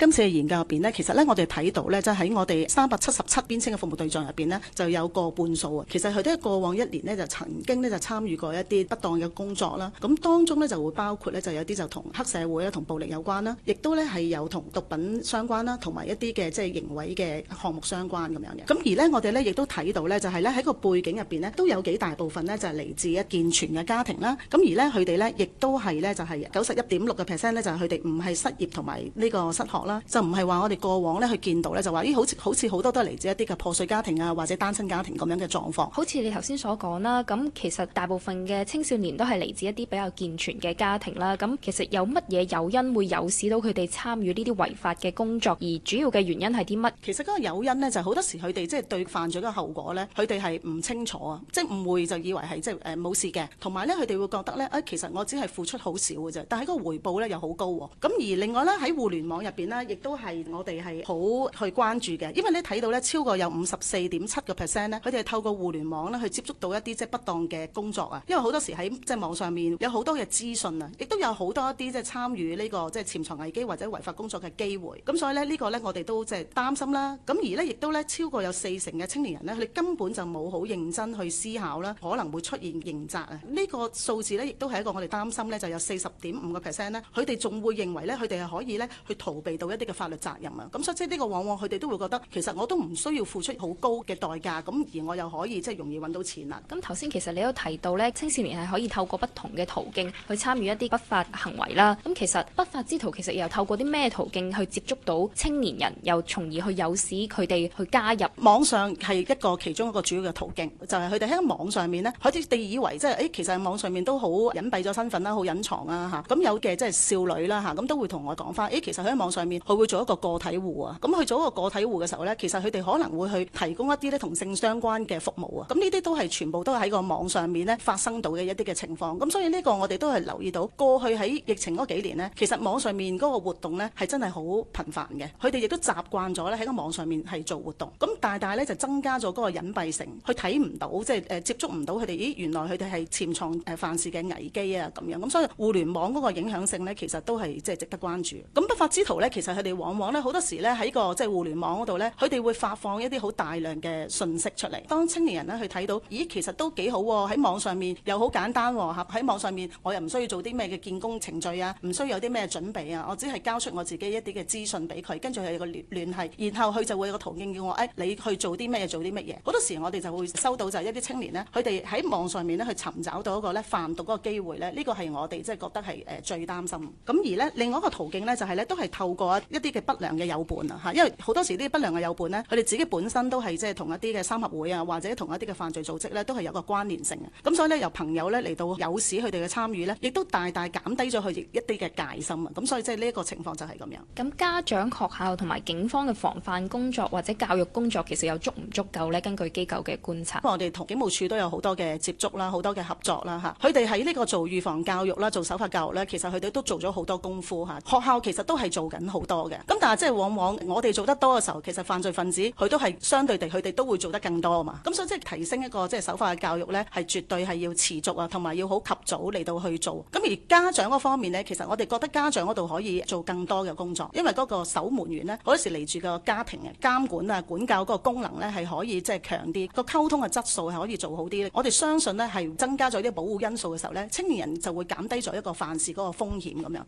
今次嘅研究入邊呢，其實呢，我哋睇到呢，就喺、是、我哋三百七十七邊青嘅服務對象入邊呢，就有個半數啊。其實佢都係過往一年呢，就曾經呢，就參與過一啲不當嘅工作啦。咁當中呢，就會包括呢，就有啲就同黑社會啊、同暴力有關啦，亦都呢，係有同毒品相關啦，同埋一啲嘅即係刑毀嘅項目相關咁樣嘅。咁而呢，我哋呢，亦都睇到呢，就係呢，喺個背景入邊呢，都有幾大部分呢，就係嚟自一健全嘅家庭啦。咁而呢，佢哋呢，亦都係呢，就係九十一點六嘅 percent 呢，就係佢哋唔係失業同埋呢個失學。就唔係話我哋過往咧去見到咧，就話咦、哎、好似好似好多都係嚟自一啲嘅破碎家庭啊，或者單親家庭咁樣嘅狀況。好似你頭先所講啦，咁其實大部分嘅青少年都係嚟自一啲比較健全嘅家庭啦。咁其實有乜嘢誘因會誘使到佢哋參與呢啲違法嘅工作？而主要嘅原因係啲乜？其實嗰個誘因呢，就好、是、多時佢哋即係對犯罪嘅後果呢，佢哋係唔清楚啊，即係誤會就以為係即係冇事嘅。同埋呢，佢哋會覺得呢，誒、哎、其實我只係付出好少嘅啫，但係嗰個回報呢又好高喎、啊。咁而另外呢，喺互聯網入邊咧。亦都係我哋係好去關注嘅，因為咧睇到咧超過有五十四點七個 percent 咧，佢哋係透過互聯網咧去接觸到一啲即係不當嘅工作啊。因為好多時喺即係網上面有好多嘅資訊啊，亦都有好多一啲即係參與呢個即係潛藏危機或者違法工作嘅機會。咁所以咧呢個咧我哋都即係擔心啦。咁而咧亦都咧超過有四成嘅青年人咧，佢哋根本就冇好認真去思考啦，可能會出現刑責啊。呢個數字咧亦都係一個我哋擔心咧，就有四十點五個 percent 咧，佢哋仲會認為咧佢哋係可以咧去逃避到。一啲嘅法律責任啊，咁所以呢個往往佢哋都會覺得，其實我都唔需要付出好高嘅代價，咁而我又可以即係、就是、容易揾到錢啦。咁頭先其實你都提到咧，青少年係可以透過不同嘅途徑去參與一啲不法行為啦。咁其實不法之徒其實又透過啲咩途徑去接觸到青年人，又從而去誘使佢哋去加入。網上係一個其中一個主要嘅途徑，就係佢哋喺網上面咧，好似地以為即係誒其實喺網上面都好隱蔽咗身份啦，好隱藏啊吓，咁有嘅即係少女啦吓，咁都會同我講翻誒其實佢喺網上面。佢會做一個個體戶啊，咁佢做一個個體戶嘅時候呢，其實佢哋可能會去提供一啲咧同性相關嘅服務啊，咁呢啲都係全部都係喺個網上面咧發生到嘅一啲嘅情況，咁所以呢個我哋都係留意到過去喺疫情嗰幾年呢，其實網上面嗰個活動呢係真係好頻繁嘅，佢哋亦都習慣咗咧喺個網上面係做活動，咁大大但咧就增加咗嗰個隱蔽性，佢睇唔到即係接觸唔到佢哋，咦原來佢哋係潛藏誒犯事嘅危機啊咁樣，咁所以互聯網嗰個影響性呢，其實都係即係值得關注，咁不法之徒呢，其實。佢哋往往咧，好多時咧喺個即係互聯網嗰度咧，佢哋會發放一啲好大量嘅信息出嚟。當青年人咧去睇到，咦，其實都幾好喎、哦！喺網上面又好簡單喎、哦，喺網上面我又唔需要做啲咩嘅見工程序啊，唔需要有啲咩準備啊，我只係交出我自己一啲嘅資訊俾佢，跟住佢有個聯聯繫，然後佢就會有個途徑叫我，誒、哎，你去做啲咩？做啲乜嘢？好多時我哋就會收到就係一啲青年咧，佢哋喺網上面咧去尋找到一個咧販毒嗰個機會咧，呢、這個係我哋即係覺得係誒、呃、最擔心。咁而呢，另外一個途徑咧就係、是、咧，都係透過。一啲嘅不良嘅友伴啊，嚇，因為好多時啲不良嘅友伴咧，佢哋自己本身都係即係同一啲嘅三合會啊，或者同一啲嘅犯罪組織咧，都係有個關聯性嘅。咁所以呢，由朋友咧嚟到誘使佢哋嘅參與呢亦都大大減低咗佢一啲嘅戒心啊。咁所以即係呢一個情況就係咁樣。咁家長學校同埋警方嘅防範工作或者教育工作，其實有足唔足夠呢？根據機構嘅觀察，我哋同警務處都有好多嘅接觸啦，好多嘅合作啦，嚇。佢哋喺呢個做預防教育啦，做守法教育呢，其實佢哋都做咗好多功夫嚇。學校其實都係做緊好好多嘅，咁但係即係往往我哋做得多嘅時候，其實犯罪分子佢都係相對地，佢哋都會做得更多啊嘛。咁所以即係提升一個即係守法嘅教育呢，係絕對係要持續啊，同埋要好及早嚟到去做。咁而家長嗰方面呢，其實我哋覺得家長嗰度可以做更多嘅工作，因為嗰個守門員呢，好多時嚟住個家庭嘅監管啊、管教嗰個功能呢，係可以即係強啲，個溝通嘅質素係可以做好啲。我哋相信呢，係增加咗啲保護因素嘅時候呢，青年人就會減低咗一個犯事嗰個風險咁樣。